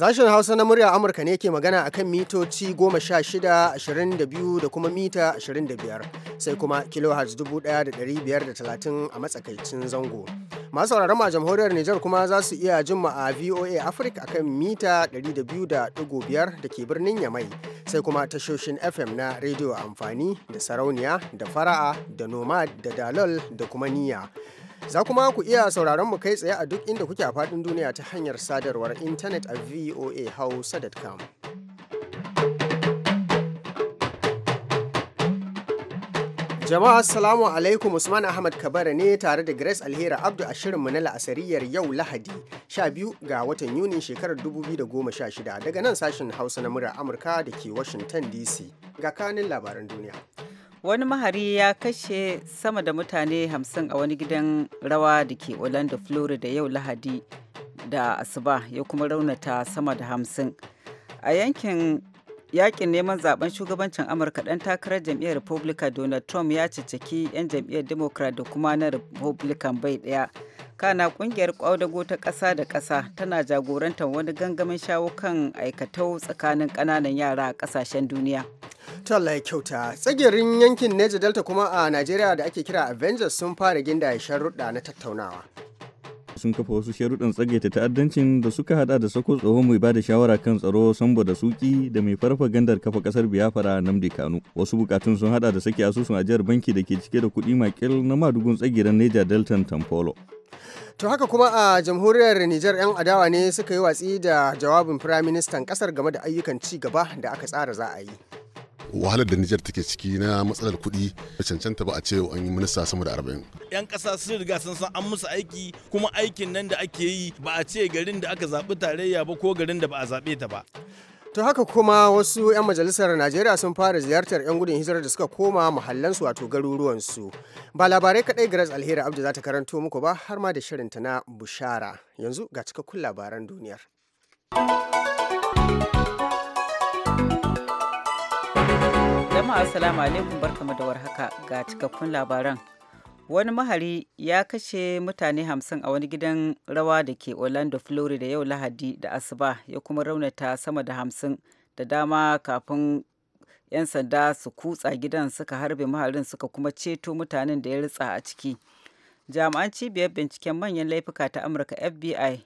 Sashen Hausa na murya Amurka ne ke magana akan mitoci 16, 22 da kuma mita 25 sai kuma kilohertz 1530 a matsakaicin zango. Masu sauraron a jamhuriyar Nijar kuma za su iya jin a VOA Africa akan mita 200.5 da ke birnin Yamai sai kuma tashoshin FM na rediyo amfani da sarauniya da fara'a da nomad da dalol da kuma niyya. Za kuma ku iya sauraron mu kai tsaye a duk inda kuke a faɗin duniya ta hanyar sadarwar intanet a voahausa.com. Jama'a Assalamu alaikum Usman Ahmad Kabara ne tare da Grace Alhera Abdu a shirinmu na la'asariyar yau Lahadi 12 ga watan Yuni shekarar 2016 daga nan sashen Hausa na murar Amurka da ke Washington DC ga kanin labaran duniya. wani mahari ya kashe sama da mutane 50 a wani gidan rawa da ke Orlando, Florida yau Lahadi da Asuba ya kuma raunata sama da 50. A yankin yakin neman zaben shugabancin Amurka dan takarar jam'iyyar Republican Donald Trump ya cicciki 'yan jam'iyyar Democrat da kuma na Republican bai daya. kana kungiyar kwadago ta kasa da kasa tana jagorantar wani gangamin shawo kan aikatau tsakanin kananan yara a ƙasashen duniya tallai kyauta tsagirin yankin neja delta kuma a nigeria da ake kira avengers sun fara ginda sharuɗa na tattaunawa sun kafa wasu sharuɗan tsagaita ta'addancin da suka hada da sako tsohon mai bada shawara kan tsaro sambo da suki da mai farfa gandar kafa kasar biafra namdi kanu wasu bukatun sun hada da sake asusun ajiyar banki da ke cike da kuɗi makil na madugun tsagiran neja delta tampolo To haka kuma a jamhuriyar Nijar 'yan adawa ne suka yi watsi da jawabin firaministan kasar game da ayyukan ci gaba da aka tsara za a yi. wahalar da Nijar take ciki na matsalar kuɗi da cancanta ba a ce an yi minista sama da arba'in. 'Yan kasa sun riga sun san an musu aiki kuma aikin nan da ake yi ba a ce garin da aka zaɓi tarayya ba ko garin da ba a zaɓe ta ba. To haka kuma wasu 'yan majalisar Najeriya sun fara ziyartar 'yan gudun hijirar da suka koma muhallansu wato garuruwansu. Ba labarai kaɗai Grace Alheri Abdu za ta karanto muku ba har ma da shirinta na Bushara. Yanzu ga cikakkun labaran duniyar. Jama'a assalamu alaikum barkamu da warhaka ga cikakkun labaran. wani mahari ya kashe mutane hamsin a wani gidan rawa da ke orlando florida yau lahadi da asuba ya kuma raunata sama da hamsin da dama kafin 'yan sanda su kutsa gidan suka harbe maharin suka kuma ceto mutanen da ya ritsa a ciki jami'an cibiyar binciken manyan laifuka ta amurka fbi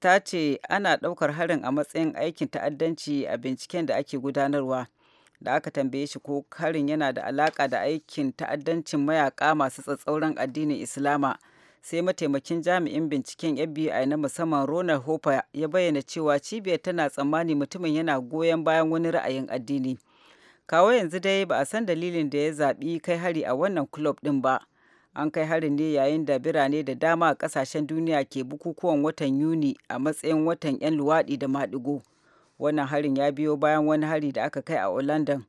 ta ce ana ɗaukar harin a matsayin aikin ta'addanci a binciken da ake gudanarwa da aka tambaye shi ko karin yana da alaka da aikin ta'addancin mayaka masu tsatsauran addinin islama sai mataimakin jami'in binciken fbi na musamman ronald hopper ya bayyana cewa cibiyar tana tsammani mutumin yana goyon bayan wani ra'ayin addini kawo yanzu dai ba a san dalilin da ya zaɓi kai hari a wannan kulob ɗin ba an kai hari ne yayin da birane da dama a ƙasashen duniya ke bukukuwan watan yuni a matsayin watan 'yan luwaɗi da maɗigo. wannan harin ya biyo bayan wani hari da aka kai a london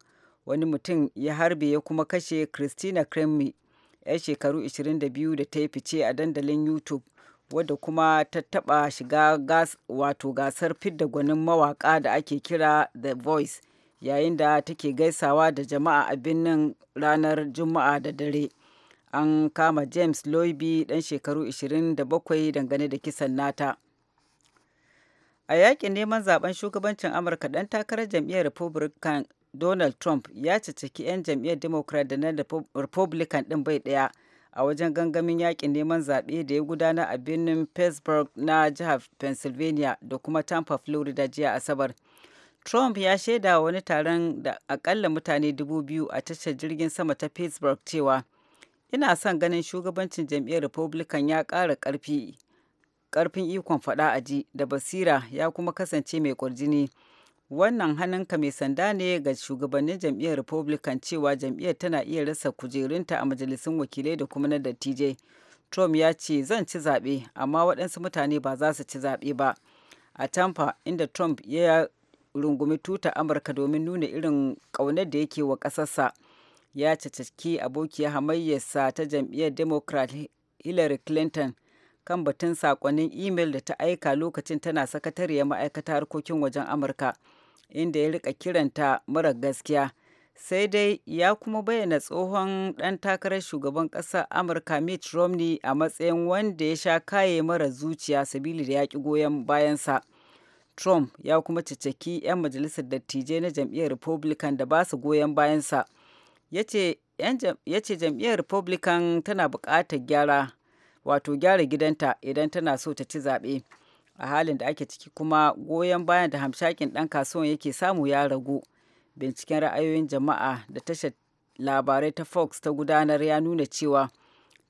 wani mutum ya harbe ya kuma kashe christina cremmy 'yar shekaru 22 da ta yi fice a dandalin youtube wadda kuma ta taba shiga gas wato gasar fidda gwanin mawaka da ake kira the voice yayin da take gaisawa da jama'a a birnin ranar juma'a da dare an kama james loibi dan shekaru 27 dangane da kisan nata a yakin neman zaben shugabancin amurka dan takarar jam'iyyar republican donald trump ya ciciki 'yan jam'iyyar democrat da na republican din bai daya a wajen gangamin yakin neman zaɓe da ya gudana a birnin pittsburgh na jihar pennsylvania da kuma tampa florida jiya asabar trump ya shaida wani taron da akalla mutane dubu biyu a tashar jirgin sama ta pittsburgh cewa ina son ganin shugabancin jam'iyyar republican ya ƙara ƙarfi ƙarfin ikon faɗa a ji da basira ya kuma kasance mai ƙwarjini wannan hannunka mai sanda ne ga shugabannin jam'iyyar republican cewa jam'iyyar tana iya rasa kujerunta a majalisun wakilai da kuma na dattijai trump ya ce zan ci zaɓe amma waɗansu mutane ba za su ci zaɓe ba a tampa inda trump ya rungumi tuta amurka domin nuna irin ƙaunar da yake wa ƙasarsa ya cacaki abokiyar hamayyarsa ta jam'iyyar democrat hillary clinton kan batun sakonnin imel da ta aika lokacin tana sakatariyar ma'aikata harkokin wajen amurka inda ya rika kiranta mara gaskiya sai dai ya kuma bayyana tsohon ɗan takarar shugaban ƙasar amurka mitt romney a matsayin wanda ya sha kaye mara zuciya sabili da yaƙi goyon bayansa trump ya kuma ciceki 'yan majalisar dattijai na jam'iyyar republican da ba su goyon bayansa ya ce jam'iyyar republican tana buƙatar gyara wato gyara gidanta idan tana so ta ci zaɓe a halin da ake ciki kuma goyon bayan da hamshakin ɗan kasuwan yake samu ya ragu binciken ra'ayoyin jama'a da tashar labarai ta fox ta gudanar ya nuna cewa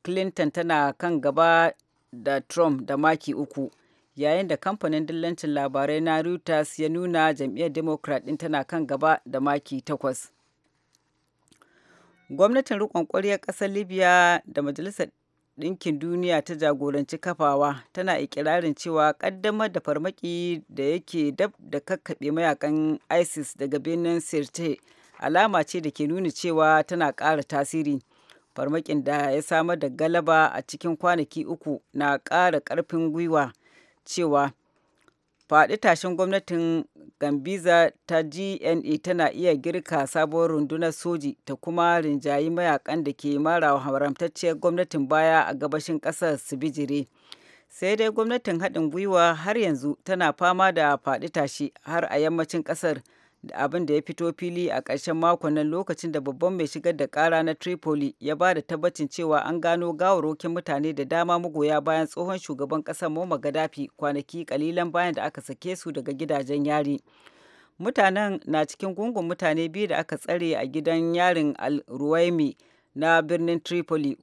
clinton tana kan gaba da trump da maki uku yayin da kamfanin dillancin labarai na reuters ya nuna jam'iyyar democrat ɗin tana kan gaba da maki takwas gwamnatin rikon ƙwaryar ƙasar libya da majalisar ɗinkin duniya ta jagoranci kafawa tana ikirarin cewa ƙaddamar da farmaki da yake dab da kakkaɓe mayakan isis daga birnin sirte alama ce da ke nuna cewa tana ƙara tasiri farmakin da ya samar da galaba a cikin kwanaki uku na ƙara ƙarfin gwiwa cewa faɗi tashin gwamnatin gambiza ta gna tana iya girka sabuwar rundunar soji ta kuma rinjayi mayakan da ke mara haramtacciyar gwamnatin baya a gabashin ƙasar su bijire sai dai gwamnatin haɗin gwiwa har yanzu tana fama da faɗi tashi har a yammacin ƙasar abin da ya fito fili a ƙarshen makon nan lokacin da babban mai shigar da kara na tripoli ya ba da tabbacin cewa an gano gawarokin mutane da dama magoya bayan tsohon shugaban ƙasar moma gaddafi kwanaki kalilan bayan da aka sake su daga gidajen yari mutanen na cikin gungun mutane biyu da aka tsare a gidan yarin al ruwaimi na birnin tripoli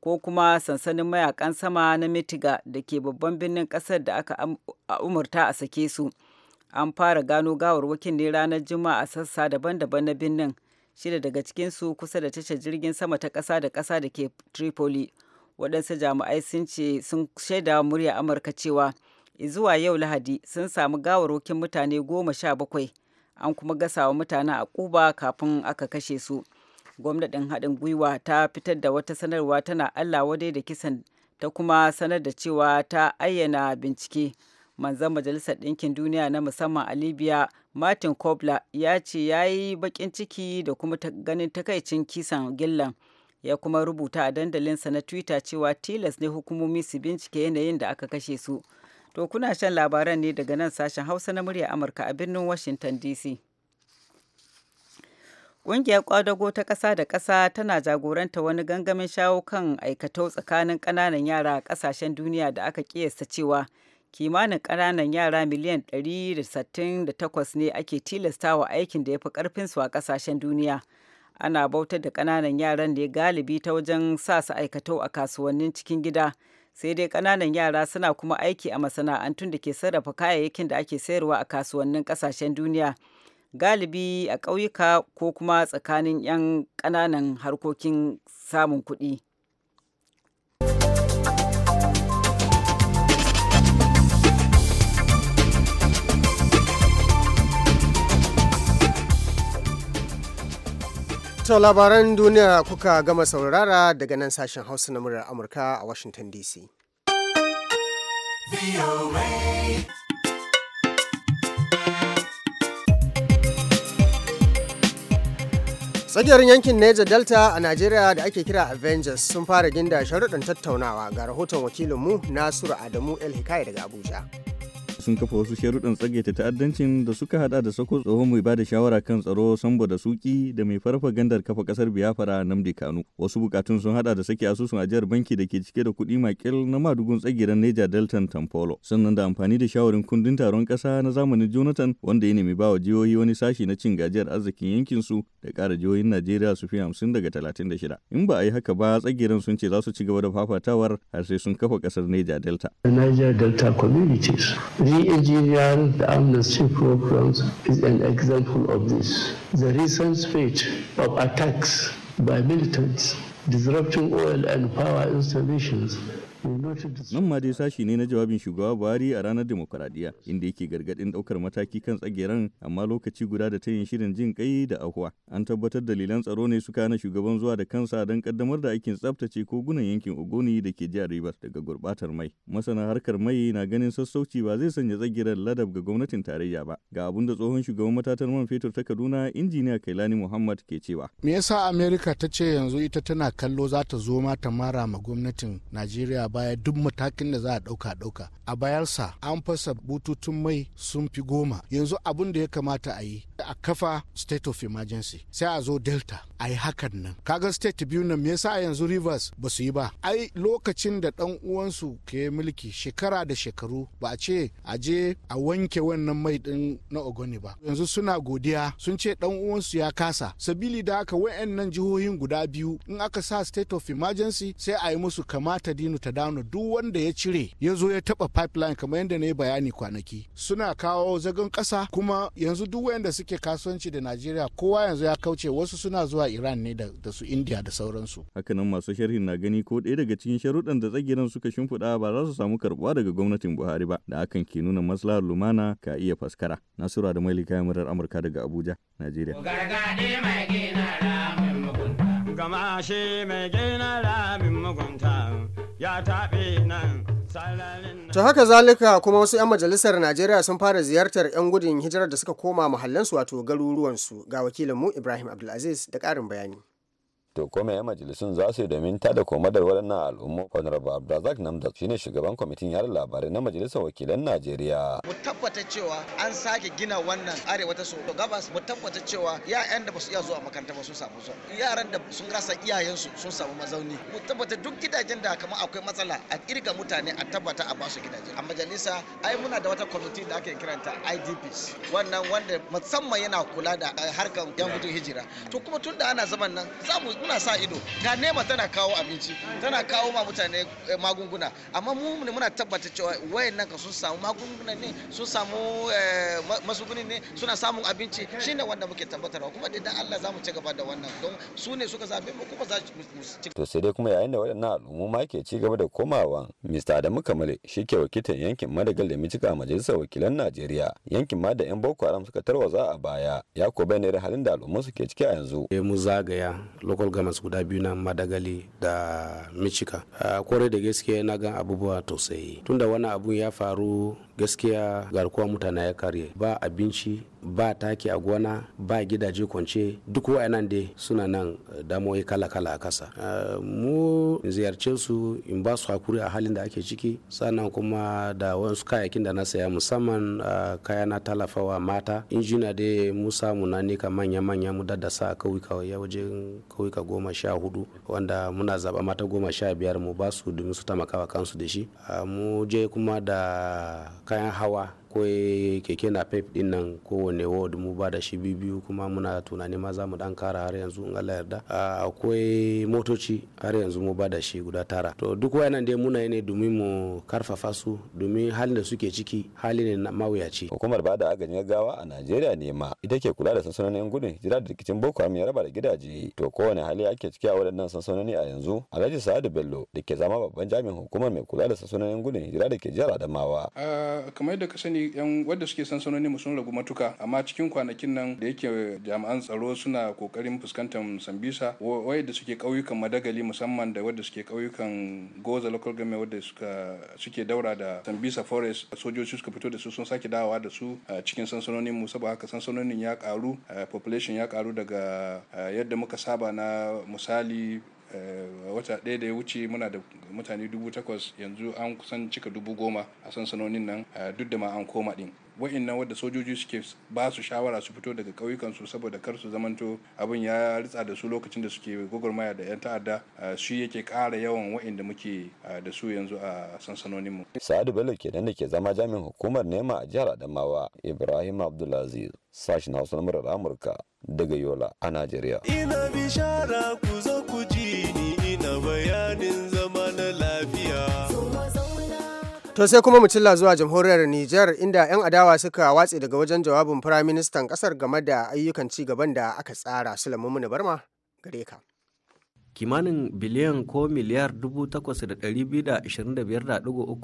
ko kuma sansanin mayakan sama na mitiga da ke babban birnin ƙasar da aka umurta a sake su. an fara gano gawarwakin ne ranar juma'a a sassa daban-daban na birnin shida daga cikinsu kusa da tashar jirgin sama ta ƙasa da ƙasa da ke tripoli waɗansu jami'ai sun ce sun shaida murya amurka cewa zuwa yau lahadi sun samu gawarwakin mutane goma sha bakwai an kuma gasawa mutane a ƙuba kafin aka kashe su gwamnatin haɗin gwiwa ta fitar da wata sanarwa tana allah wadai da kisan ta kuma sanar da cewa ta ayyana bincike manzan majalisar ɗinkin duniya na musamman a libya martin kobla ya ce ya yi baƙin ciki da kuma ganin takaicin kisan gillan ya kuma rubuta a dandalinsa na twitter cewa tilas ne hukumomi su bincike yanayin da aka kashe su to kuna shan labaran ne daga nan sashen hausa na murya amurka a birnin washington dc Ƙungiyar ƙwadago ta ƙasa da ƙasa tana jagoranta wani gangamin shawo kan aikatau tsakanin ƙananan yara a ƙasashen duniya da aka ƙiyasta cewa kimanin ƙananan yara miliyan 168 ne ake tilastawa aikin da ya fi ƙarfinsu a ƙasashen duniya ana bautar da ƙananan yaran ne galibi ta wajen sa su aikatau a kasuwannin cikin gida sai dai ƙananan yara suna kuma aiki a masana'antun da ke sarrafa kayayyakin da ake sayarwa a kasuwannin ƙasashen duniya galibi a ƙauyuka ko kuma tsakanin 'yan ƙananan harkokin samun kuɗi. To labaran duniya kuka gama saurara daga nan sashen Hausa na murar Amurka a Washington DC. tsakiyar yankin Niger Delta a Najeriya da ake kira Avengers sun fara ginda sharuɗin tattaunawa ga rahoton wakilinmu Nasiru Adamu El Hikaya daga Abuja. sun kafa wasu sharuɗan tsagaita ta'addancin da suka hada da sako tsohon mai ba da shawara kan tsaro sambo da suki da mai farfa gandar kafa kasar biafra namdi kanu wasu bukatun sun hada da sake asusun ajiyar banki da ke cike da kuɗi makil na madugun tsagiran neja deltan tamfolo sannan da amfani da shawarin kundin taron ƙasa na zamanin jonathan wanda ya nemi bawa jihohi wani sashi na cin gajiyar arzikin yankin su da ƙara jihohin najeriya su fi hamsin daga talatin da shida in ba a yi haka ba tsagiran sun ce za su ci gaba da fafatawar har sai sun kafa ƙasar neja delta. The Nigerian amnesty program is an example of this. The recent spate of attacks by militants disrupting oil and power installations Eh, Nan ma dai sashi ne na jawabin shugaba Buhari a ranar demokuraɗiyya inda yake gargaɗin ɗaukar mataki kan tsageren amma lokaci guda da ta yin shirin jin kai da ahuwa. An tabbatar dalilan tsaro ne suka hana shugaban zuwa da kansa don kaddamar da aikin tsaftace ko gunan yankin Ogoni da ke jihar Rivers daga gurbatar mai. Masana harkar mai na ganin sassauci ba zai sanya tsageren ladab ga gwamnatin tarayya ba. Ga abun da tsohon shugaban matatar man fetur ta Kaduna injiniya Kailani Muhammad ke cewa. Me yasa Amerika ta ce yanzu ita tana kallo za ta zo ma ta mara ma gwamnatin Najeriya baya duk matakin da za a ɗauka ɗauka a bayarsa an fasa bututun mai sun fi goma yanzu abin da ya kamata a yi a kafa state of emergency sai a zo delta a yi hakan nan kaga state biyu nan me yasa yanzu rivers ba su yi ba ai lokacin da ɗan uwansu ke mulki shekara da shekaru ba a ce a je a wanke wannan mai ɗin na ogoni ba yanzu suna godiya sun ce ɗan uwansu ya kasa sabili da haka wayannan jihohin guda biyu in aka sa state of emergency sai a yi musu kamata dinu ta da. kano duk wanda ya cire ya zo ya taba pipeline kamar yadda na yi bayani kwanaki suna kawo zagon kasa kuma yanzu duk wanda suke kasuwanci da najeriya kowa yanzu ya kauce wasu suna zuwa iran ne da, su india da sauransu hakanan masu sharhin na gani ko ɗaya daga cikin sharuɗan da tsagiran suka shimfiɗa ba za su samu karbuwa daga gwamnatin buhari ba da hakan ke nuna maslahar lumana ka iya faskara nasura da mailika kayan murar amurka daga abuja najeriya gama shi mai gina ramin mugunta ta haka zalika kuma wasu 'yan majalisar Najeriya sun fara ziyartar 'yan gudun hijirar da suka koma mahallansu wato garuruwansu ga wakilinmu Ibrahim Abdulaziz da ƙarin bayani. to kome ya majalisun za su yi domin ta da komadar waɗannan al'umma honorable abdulrazak namda shine shugaban kwamitin yare labarai na majalisar wakilan najeriya mu tabbata cewa an sake gina wannan arewa ta soto gabas mu tabbata cewa yayan da ba su iya zuwa makaranta ba sun samu zuwa yaran da sun rasa iyayensu sun samu mazauni mu tabbata duk gidajen da kamar akwai matsala a kirga mutane a tabbata a basu gidaje a majalisa ai muna da wata kwamiti da ake kiranta idps wannan wanda musamman yana kula da eh, harkar yan gudun hijira to kuma tun da ana zaman nan za mu muna sa ido ga nema tana kawo abinci tana kawo ma mutane eh, magunguna amma mu ne muna tabbata cewa wayannan ka sun samu magunguna ne sun samu eh, masuguni ne suna samun abinci shine wanda muke tabbatarwa kuma da dan Allah zamu ci gaba da wannan don su ne suka zabe mu kuma za mu ci to sai dai kuma yayin da waɗannan al'umma ke ci gaba da komawa Mr. Adamu Kamale shi ke wakiltar yankin Madagal da Mijika a Majalisar Wakilan Najeriya yankin ma da 'yan Boko Haram suka tarwaza a baya ya ko bayyana halin da al'umma ke ciki a yanzu eh, mu zagaya local gamas guda biyu na madagali da michika kore da gaskiya na gan abubuwa tausayi tunda wani abun ya faru gaskiya garkuwa mutane ya karye ba abinci ba taki a gona ba gidaje kwance duk wa'annan dai suna nan eh, damoyi kala-kala a kasa mu ziyarce su in ba su hakuri a halin da ake ciki sannan kuma da wasu kayakin da na saya musamman kaya na talafawa mata injina dai mu samu na ka manya-manya mu daddasa a waje wajen ka. goma sha hudu wanda muna zaba mata goma sha biyar mu ba su domin su tamakawa kansu da shi ah, mu je kuma da kayan hawa akwai keke na pep din nan kowane ward mu ba da shi biyu kuma muna tunani ma za mu dan kara har yanzu in Allah yarda akwai motoci har yanzu mu ba da shi guda tara to duk wayannan dai muna yi ne domin mu karfafa su domin halin da suke ciki hali ne mawuyaci hukumar bada agajin gaggawa a Najeriya ne ma ita ke kula da sansanonin gudun jira da rikicin Boko Haram ya raba da gidaje to kowane hali ake ciki a wadannan sansanoni a yanzu Alhaji Sa'adu Bello da ke zama babban jami'in hukumar mai kula da sansanonin gudun jira da ke jihar Adamawa kamar da ka sani yan wadda suke sansanoni mu sun ragu matuka amma cikin kwanakin nan da yake jami'an tsaro suna kokarin fuskantar sambisa wadda suke kauyukan madagali musamman da wadda suke kauyukan goza local government wadda suka suke daura da sambisa forest sojoji suka fito da su sun sake dawowa da su cikin sansanonin mu saboda haka sansanonin ya karu population ya karu daga yadda muka saba na misali Eh, wata ɗaya da ya wuce muna da mutane dubu takwas yanzu an kusan cika dubu goma a sansanonin nan eh, duk da ma an koma ɗin wa'annan wadda sojoji suke ba su shawara su fito daga ƙauyukansu saboda kar su zamanto abin ya ritsa da su lokacin da suke gwagwarmaya da 'yan ta'adda eh, shi yake ƙara yawan wa'anda muke da su yanzu a sansanoninmu. sa'adu bello kenan da ke zama jami'in hukumar nema a jihar adamawa ibrahim abdulaziz sashen hausa na murar amurka daga yola a najeriya. ina bishara ku zo ku ji bayanin zama na lafiya. To sai kuma mu cilla zuwa jamhuriyar Nijar inda 'yan adawa suka watse daga wajen jawabin firaministan ƙasar game da ayyukan ci gaban da aka tsara. Sulaiman Barma gare ka. kimanin biliyan ko miliyar 8,225.3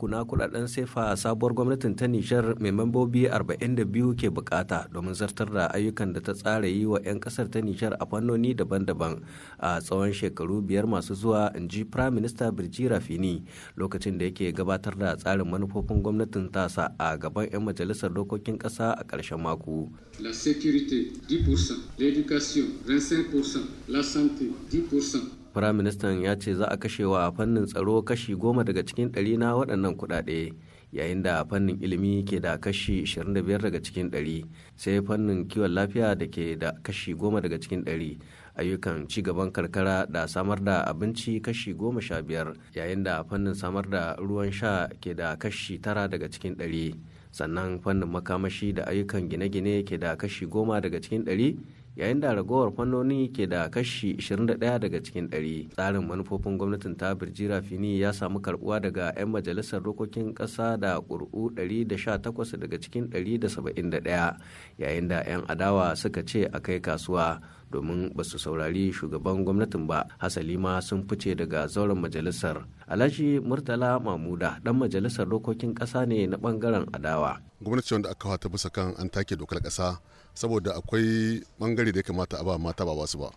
na kudaden sefa sabuwar gwamnatin ta nishar mai membobi 42 ke bukata domin zartar da ayyukan da ta tsara yi wa 'yan kasar ta nishar a fannoni daban-daban a tsawon shekaru biyar masu zuwa in ji prime minister birji rafini lokacin da yake gabatar da tsarin manufofin gwamnatin tasa a gaban 'yan majalisar dokokin kasa a karshen mako la sécurité 10% l'éducation 25% la santé 10% Firaministan ya ce za a kashe wa fannin tsaro kashi goma daga cikin ɗari na waɗannan kuɗaɗe yayin da fannin ilimi ke da kashi 25 daga cikin ɗari sai fannin kiwon lafiya da ke da kashi goma daga cikin ɗari ayyukan ci gaban karkara da samar da abinci kashi goma sha biyar yayin da fannin samar da ruwan sha ke da kashi tara daga cikin ɗari sannan fannin makamashi da ayyukan gine-gine ke da kashi goma daga cikin ɗari yayin da ragowar fannoni ke da kashi 21 daga cikin 100 tsarin manufofin gwamnatin ta birjira fini ya samu karbuwa daga 'yan majalisar rokokin kasa da ƙuri'u 118 daga cikin 171 yayin da 'yan adawa suka ce a kai kasuwa domin ba su saurari shugaban gwamnatin ba hasali ma sun fice daga zauren majalisar alhaji murtala mamuda dan majalisar dokokin kasa ne na bangaren adawa gwamnati wanda aka ta bisa kan an take dokar kasa saboda akwai bangare da ya kamata a ba mata ba wasu ba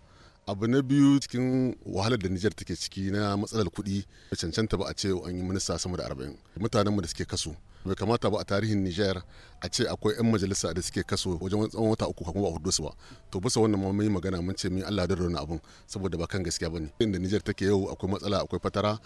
abu na biyu cikin wahalar da Nijar take ciki na matsalar kuɗi cancanta ba a ce an yi minista sama da arba'in mutanenmu da suke kasu bai kamata ba a tarihin niger a ce akwai 'yan majalisa da suke kaso wajen tsawon wata uku kuma ba hudu su ba to bisa wannan ma magana mun ce mun Allah da rona abun saboda ba kan gaskiya bane inda niger take yau akwai matsala akwai fatara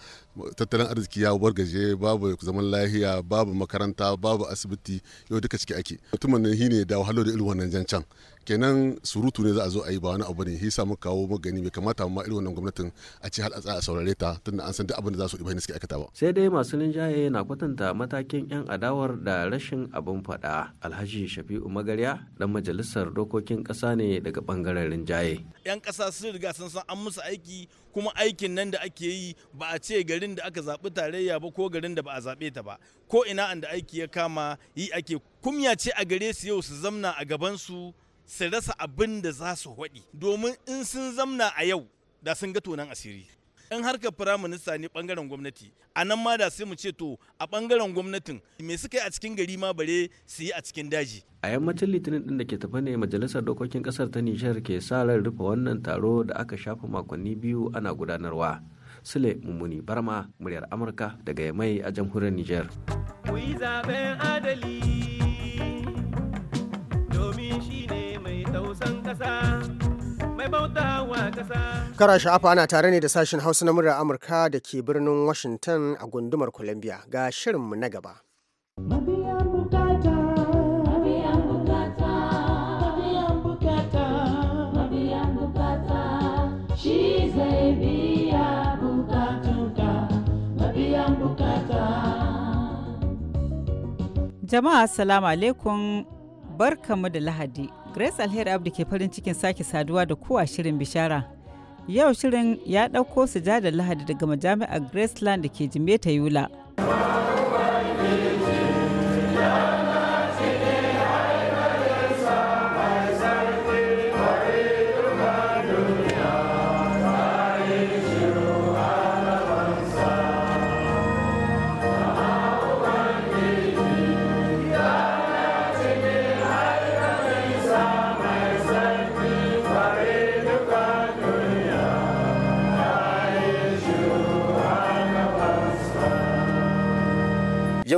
tattalin arziki ya wargaje babu zaman lahiya babu makaranta babu asibiti yau duka ciki ake mutumin nan ne da wahalo da irin wannan can kenan surutu ne za a zo a yi ba wani abu ne hisa muka kawo magani bai kamata ma irin wannan gwamnatin a ce har a tsaya saurare ta tunda an san duk abin da za su ibahin suke aikata ba sai dai masu linjaye na kwatanta matakin yan adawar da rashin abin fada alhaji shafi'u magarya dan majalisar dokokin kasa ne daga bangaren linjaye yan kasa sun riga sun san an musu aiki kuma aikin nan da ake yi ba a ce garin da aka zaɓi tarayya ba ko garin da ba a zaɓe ta ba ko ina da aiki ya kama yi ake kumya ce a gare su yau su zamna a gaban su su rasa abin da za su haɗi domin in sun zamna a yau da sun ga tonan asiri in harkar minista ne bangaren gwamnati a nan ma da sai mu ce to a ɓangaren gwamnatin me suka yi a cikin gari ma bare su yi a cikin daji a yammacin litinin din da ke tafa ne majalisar dokokin kasar ta nijar ke sa ran rufe wannan taro da aka shafa makonni biyu ana gudanarwa sule mummuni barma muryar amurka daga yamai a jamhuriyar nijar adali Kara sha'afa ana tare ne da sashen Hausa na murar Amurka da ke birnin Washington a gundumar Columbia ga shirinmu na gaba. Jama'a salamu alaikum barkamu da Lahadi. Grace Alheri Abdi ke farin cikin sake saduwa da kowa shirin bishara. Yau shirin ya ɗauko sujadar Lahadi daga majami'ar Graceland da ke Jimeta Yula.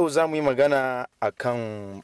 za mu yi magana akan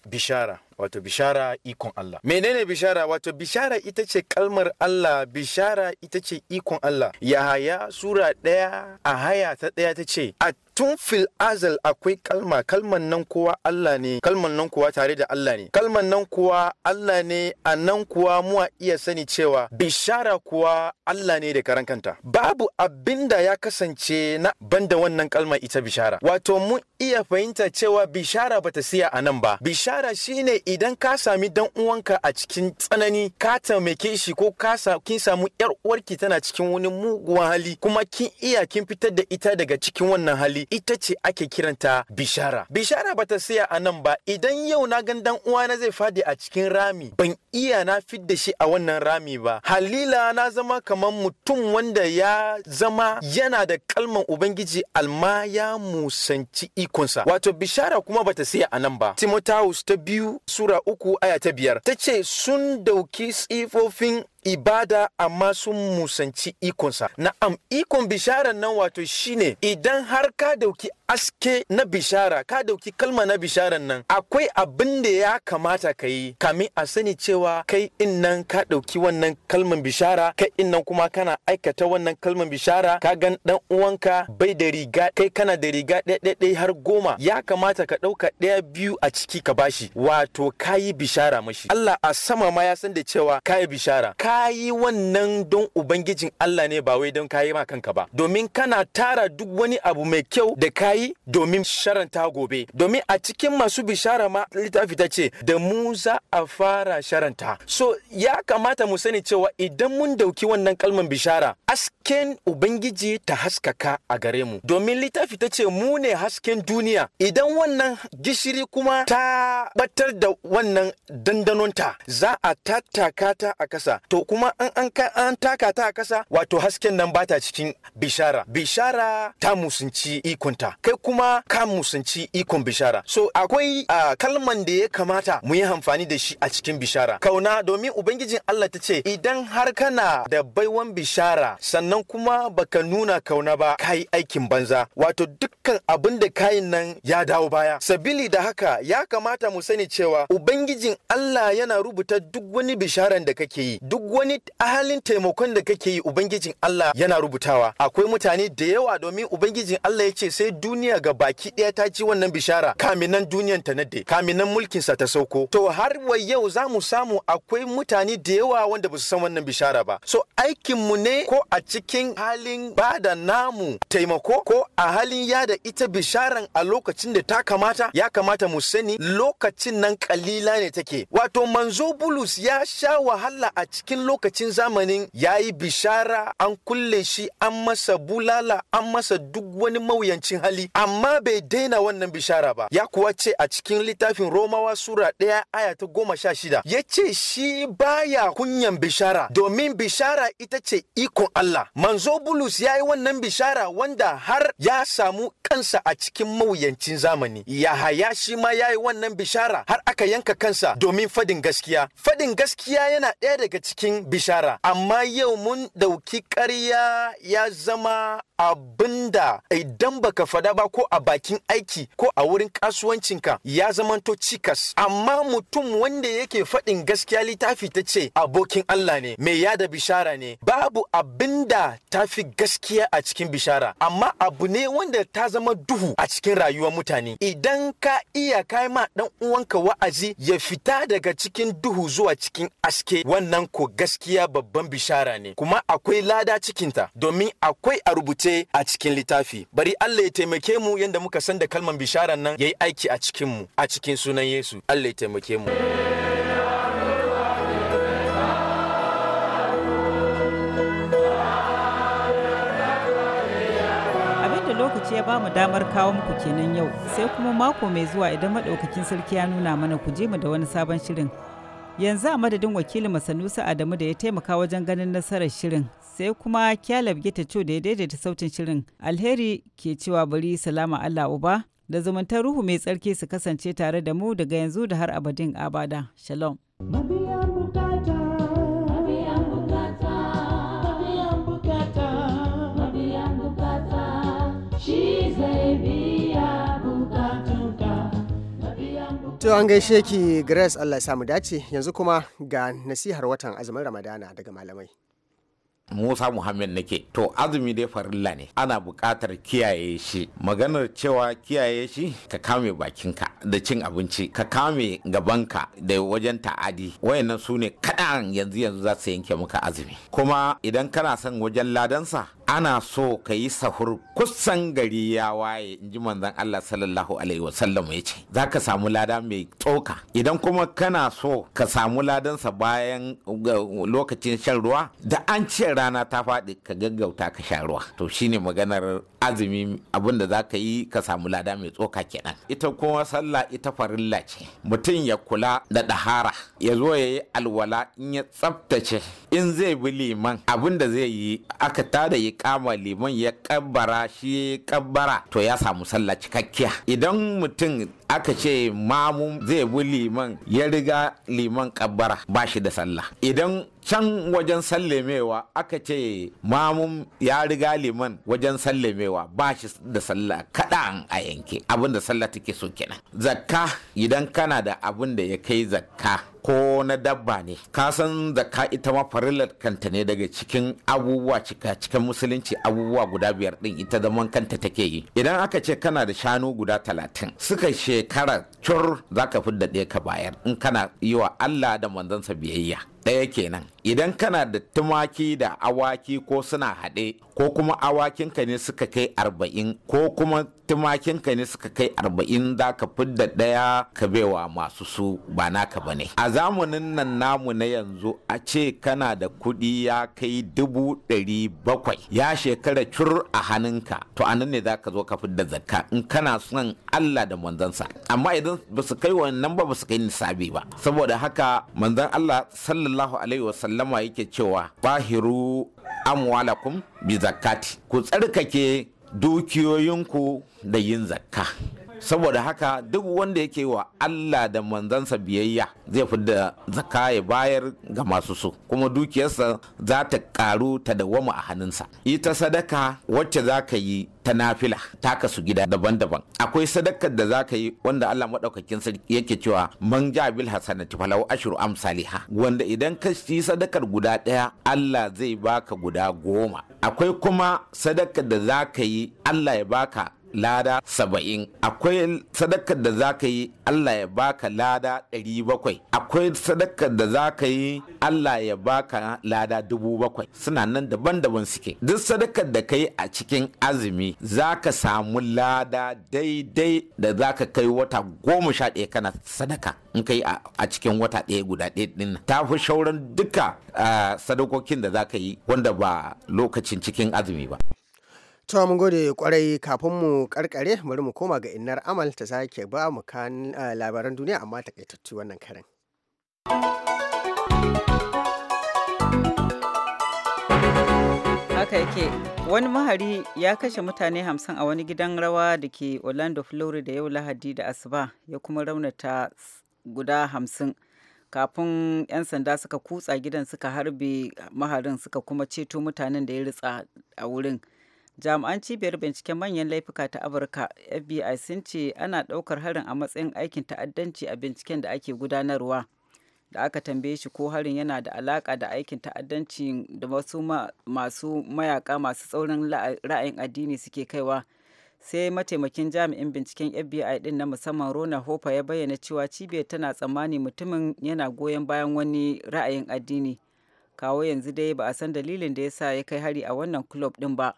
bishara wato bishara ikon Allah menene bishara wato bishara ita ce kalmar Allah bishara ita ce ikon Allah Yahaya sura ɗaya a haya ta ɗaya ta ce a tun fil azal akwai kalma kalman nan kuwa Allah ne kalman nan kuwa tare da Allah ne kalman nan kuwa Allah ne a nan kuwa muwa iya sani cewa bishara kuwa Allah ne da karan kanta babu abinda ya kasance na banda wannan kalma ita bishara wato mun iya fahimta cewa bishara bata siya a nan ba bishara shine idan ka sami dan uwanka a cikin tsanani ka taimake shi ko ka kin samu yar uwarki tana cikin wani muguwan hali kuma kin iya kin fitar da ita daga cikin wannan hali ita ce ake kiranta bishara bishara bata siya a nan ba idan yau na gan dan uwana zai fadi a cikin rami ban iya na fidda shi a wannan rami ba halila na zama kamar mutum wanda ya zama yana da kalman ubangiji alma ya musanci ikonsa wato bishara kuma bata siya a nan ba timotaus ta biyu Sura uku aya ta biyar ta ce sun dauki tsifofin ibada amma sun musanci ikonsa na'am ikon bisharar nan wato shine idan har ka dauki aske na bishara ka dauki kalma na bisharar nan akwai abin da ya kamata ka yi kamin a sani cewa kai in nan ka dauki wannan kalman bishara kai in nan kuma kana aikata wannan kalman bishara ka gan dan uwanka bai da riga kai kana da riga ɗaya har goma ya kamata ka ɗauka ɗaya biyu a ciki ka bashi wato kayi bishara mashi Allah a sama ma ya san da cewa kayi bishara ka ka yi wannan don ubangijin Allah ne ba wai don kayi yi ma kanka ba domin kana tara duk wani abu mai kyau da kayi domin sharanta gobe domin a cikin masu bishara ma littafi ta ce da mu za a fara sharanta so ya kamata mu sani cewa idan mun dauki wannan kalman bishara hasken ubangiji ta haskaka a gare mu domin littafi ta ce mu ne hasken duniya idan wannan gishiri kuma ta batar da wannan dandanonta za a tattaka ta a kasa to kuma an an taka ta a kasa wato hasken nan bata cikin bishara bishara ta musunci ikonta kai kuma ka musunci ikon bishara so akwai kalman da ya kamata mu yi amfani da shi a cikin bishara kauna domin ubangijin Allah ta ce idan har kana da baiwan bishara sannan kuma baka nuna kauna ba kayi aikin banza wato dukkan abin da kayin nan ya dawo baya sabili da haka ya kamata mu sani cewa ubangijin Allah yana rubuta duk wani bisharan da kake yi duk wani ahalin taimakon da kake yi ubangijin Allah yana rubutawa akwai mutane da yawa domin ubangijin Allah ya ce sai duniya ga baki ɗaya ta ci wannan bishara kaminan duniyan ta nade kaminan mulkin sa ta sauko to har wa yau za mu samu akwai mutane da yawa wanda ba su san wannan bishara ba so aikin mu ne ko a cikin halin bada namu taimako ko a halin yada ita bisharan a lokacin da ta kamata ya kamata mu sani lokacin nan kalila ne take wato manzo bulus ya sha wahala a cikin lokacin zamanin ya yi bishara an kulle shi an masa bulala an masa duk wani mawuyancin hali amma bai daina wannan bishara ba ya kuwa ce a cikin littafin romawa sura ɗaya aya ta goma sha shida ya ce shi baya kunyan bishara domin bishara ita ce ikon Allah manzo bulus ya yi wannan bishara wanda har ya samu kansa a cikin mawuyancin zamani yahaya shi ma ya yi wannan bishara har aka yanka kansa domin fadin gaskiya fadin gaskiya yana ɗaya daga cikin cikin bishara amma yau mun dauki karya ya zama abinda idan baka fada ba ko a bakin aiki ko a wurin kasuwancinka ya zama to cikas amma mutum wanda yake faɗin gaskiya littafi ta ce abokin Allah ne mai yada bishara ne babu abinda ta fi gaskiya a cikin bishara amma abu ne wanda ta zama duhu a cikin rayuwar mutane idan ka iya kai ma ɗan uwanka wa'azi ya fita daga cikin duhu zuwa cikin aske wannan ko gaskiya babban bishara ne kuma akwai lada cikinta domin akwai a rubuce a cikin littafi bari Allah ya taimake mu yadda muka san da kalman bisharan nan ya yi aiki a cikin mu a cikin sunan Yesu Allah ya taimake mu lokaci ya ba mu damar kawo muku kenan yau sai kuma mako mai zuwa idan maɗaukakin sarki ya nuna mana ku je mu da wani sabon shirin yanzu a madadin wakilin masanusa adamu da ya taimaka wajen ganin nasarar shirin sai kuma kyalab gita co da ya daidaita sautin shirin alheri ke cewa bari salama allah uba da zumuntar ruhu mai tsarki su kasance tare da mu daga yanzu da har abadin abada shalom To an gaishe ki Grace Allah ya samu dace yanzu kuma ga nasihar watan azumin Ramadana daga malamai. Musa Muhammad nake to azumi dai farilla ne ana buƙatar kiyaye shi maganar cewa kiyaye shi ka kame bakinka da cin abinci ka kame gabanka da wajen ta'adi wayannan su ne kaɗan yanzu yanzu za su yanke muka azumi kuma idan kana son wajen ladansa ana so ka yi sahur kusan gari ya waye in ji manzan Allah sallallahu alaihi wasallam ya ce za ka samu lada mai tsoka idan kuma kana so ka samu ladansa bayan lokacin shan ruwa da an ce rana ta faɗi ka gaggauta ka sha ruwa to shine maganar azumi abin da za ka yi ka samu lada mai tsoka kenan ita kuma sallah ita farilla ce mutum ya kula da ɗahara ya zo ya yi alwala in ya tsaftace in zai bi liman abin da zai yi aka tada ya kama liman ya kabbara shi kabbara to ya samu sallah cikakkiya idan mutum aka ce mamun zai bi liman ya riga liman kabbara ba shi da sallah idan can wajen sallamewa aka ce mamun ya riga liman wajen sallamewa ba shi da sallah kaɗan a yanke abin da sallah take so kenan zakka idan kana da abin da ya kai zakka ko na dabba ne kasan zakka ita ma farillar kanta ne daga cikin abubuwa cika cikin musulunci abubuwa guda biyar din ita zaman kanta take yi idan aka ce kana da shanu guda talatin suka she shekara cur za ka fidda ɗaya ka bayar in kana yi wa Allah da manzansa biyayya ɗaya kenan idan kana da tumaki da awaki ko suna haɗe ko kuma awakinka ne suka kai arba'in ko kuma tumakinka ne suka kai arba'in za ka fidda ɗaya ka baiwa masu su ba naka ba ne a zamanin nan namu na yanzu a ce kana da kuɗi ya kai dubu ɗari bakwai ya shekara cur a hannunka to a nan ne za ka zo ka fidda zakka in kana son allah da manzansa amma idan ba su kai wannan ba ba su kai nisabi ba saboda haka manzan allah sallallahu sallallahu alaihi wasallama yake cewa bahiru amwalakum bi zakati ku tsarkake dukiyoyinku da yin zakka saboda haka duk wanda yake wa Allah da manzansa biyayya zai fi da zaka ya bayar ga masu so kuma dukiyarsa za ta karu ta dawama a hannunsa ita sadaka wacce za ka yi ta nafila ta kasu gida daban-daban akwai sadakar da za ka yi wanda Allah maɗaukakin sarki yake cewa man ja bil hasanati falau ashru amsaliha wanda idan ka yi sadakar guda ɗaya Allah zai baka guda goma akwai kuma sadakar da za ka yi Allah ya baka lada saba'in akwai sadakar da za ka yi allah ya baka lada ɗari bakwai akwai sadakar da za ka yi allah ya baka lada dubu bakwai suna nan daban-daban suke duk sadakar da ka yi a cikin azumi za ka samu lada daidai da za ka kai wata goma sha ɗaya kana sadaka in ka yi a cikin wata ɗaya guda ɗaya ɗin ta fi shauran duka ah, sadakokin da za ka yi wanda ba lokacin cikin azumi ba To mun gode kwarai kafin mu karkare bari mu koma ga innar amal ta sake ba mu kan labaran duniya amma takaitattu wannan karin. Haka yake wani mahari ya kashe mutane hamsin a wani gidan rawa da ke Orlando, Florida yau Lahadi da Asuba ya kuma raunata guda hamsin. kafin 'yan sanda suka kutsa gidan suka harbe maharin suka kuma ceto mutanen da ya ritsa a wurin jami'an cibiyar binciken manyan laifuka ta amurka fbi sun ce ana ɗaukar harin a matsayin aikin ta'addanci a binciken da ake gudanarwa da aka tambaye shi ko harin yana da alaka da aikin ta'addanci da wasu masu mayaka masu tsaurin ra'ayin addini suke kaiwa sai mataimakin jami'in binciken fbi din na musamman rona hofa ya bayyana cewa cibiyar tana tsammani mutumin yana goyon bayan wani ra'ayin addini kawo yanzu dai ba a san dalilin da ya sa ya kai hari a wannan club din ba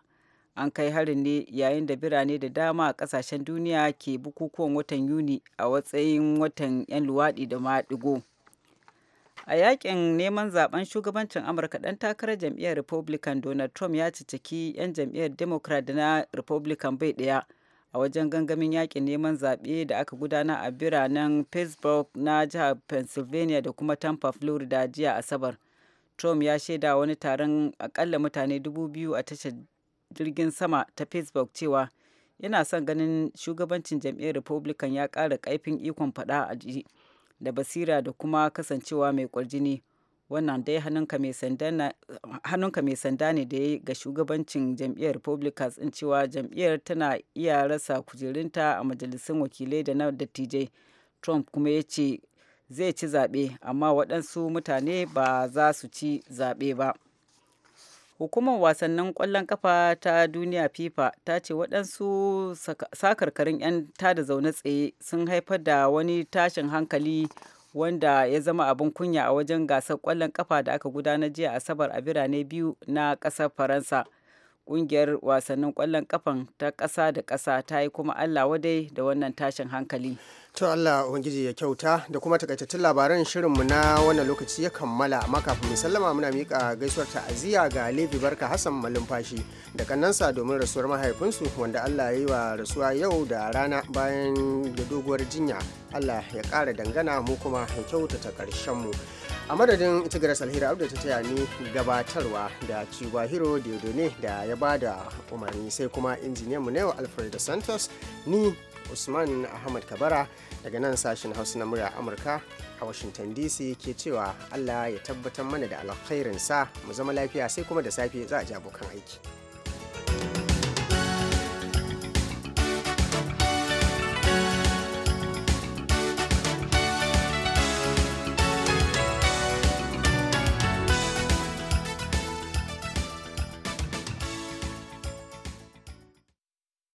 an kai harin ne yayin da birane da dama a kasashen duniya ke bukukuwan watan yuni a watsayin watan 'yan luwaɗi da maɗigo a yakin neman zaben shugabancin amurka ɗan takarar jam'iyyar republican donald trump ya ciciki 'yan jam'iyyar democrat da na republican bai ɗaya a wajen gangamin yakin neman zaɓe da aka gudana a biranen pittsburgh na jihar pennsylvania da kuma tampa florida jiya asabar trump ya shaida wani taron akalla mutane 2,000 a tashar jirgin sama ta facebook cewa yana son ganin shugabancin jam'iyyar republican ya kara kaifin ikon fada a ji da basira da kuma kasancewa mai kwarjini wannan dai hannunka mai sanda ne da ya ga shugabancin jam'iyyar republicans in cewa jam'iyyar tana iya rasa kujerunta a majalisun wakilai da na dattijai trump kuma ya ce zai ci zaɓe amma waɗansu mutane ba za su ci zaɓe ba hukumar wasannin kwallon kafa ta duniya fifa ta ce waɗansu sakarkarin 'yan ta da zaune tsaye sun haifar da wani tashin hankali wanda ya zama abin kunya a wajen gasar kwallon kafa da aka gudanar jiya asabar a birane biyu na ƙasar faransa kungiyar wasannin kwallon kafan ta kasa da kasa ta yi kuma allah wadai da wannan tashin hankali to allah ubangiji ya kyauta da kuma takaitattun labaran shirinmu na wannan lokaci ya kammala amma kafin mu sallama muna miƙa gaisuwar ta'aziyya ga Alibi barka hassan malumfashi da kannansa domin rasuwar mahaifinsu wanda allah ya yi wa rasuwa yau da rana bayan da doguwar jinya allah ya ƙara dangana mu kuma ya kyautata ƙarshenmu mu a madadin ita salhira abu da ta taya ni gabatarwa da cuba hero ne da ya ba da umarni sai kuma injiniyan mu yau alfred santos ni usman ahmad kabara daga nan sashen hausa na murya amurka a washington dc ke cewa allah ya tabbatar mana da alkhairinsa mu zama lafiya sai kuma da safe za a ji abokan aiki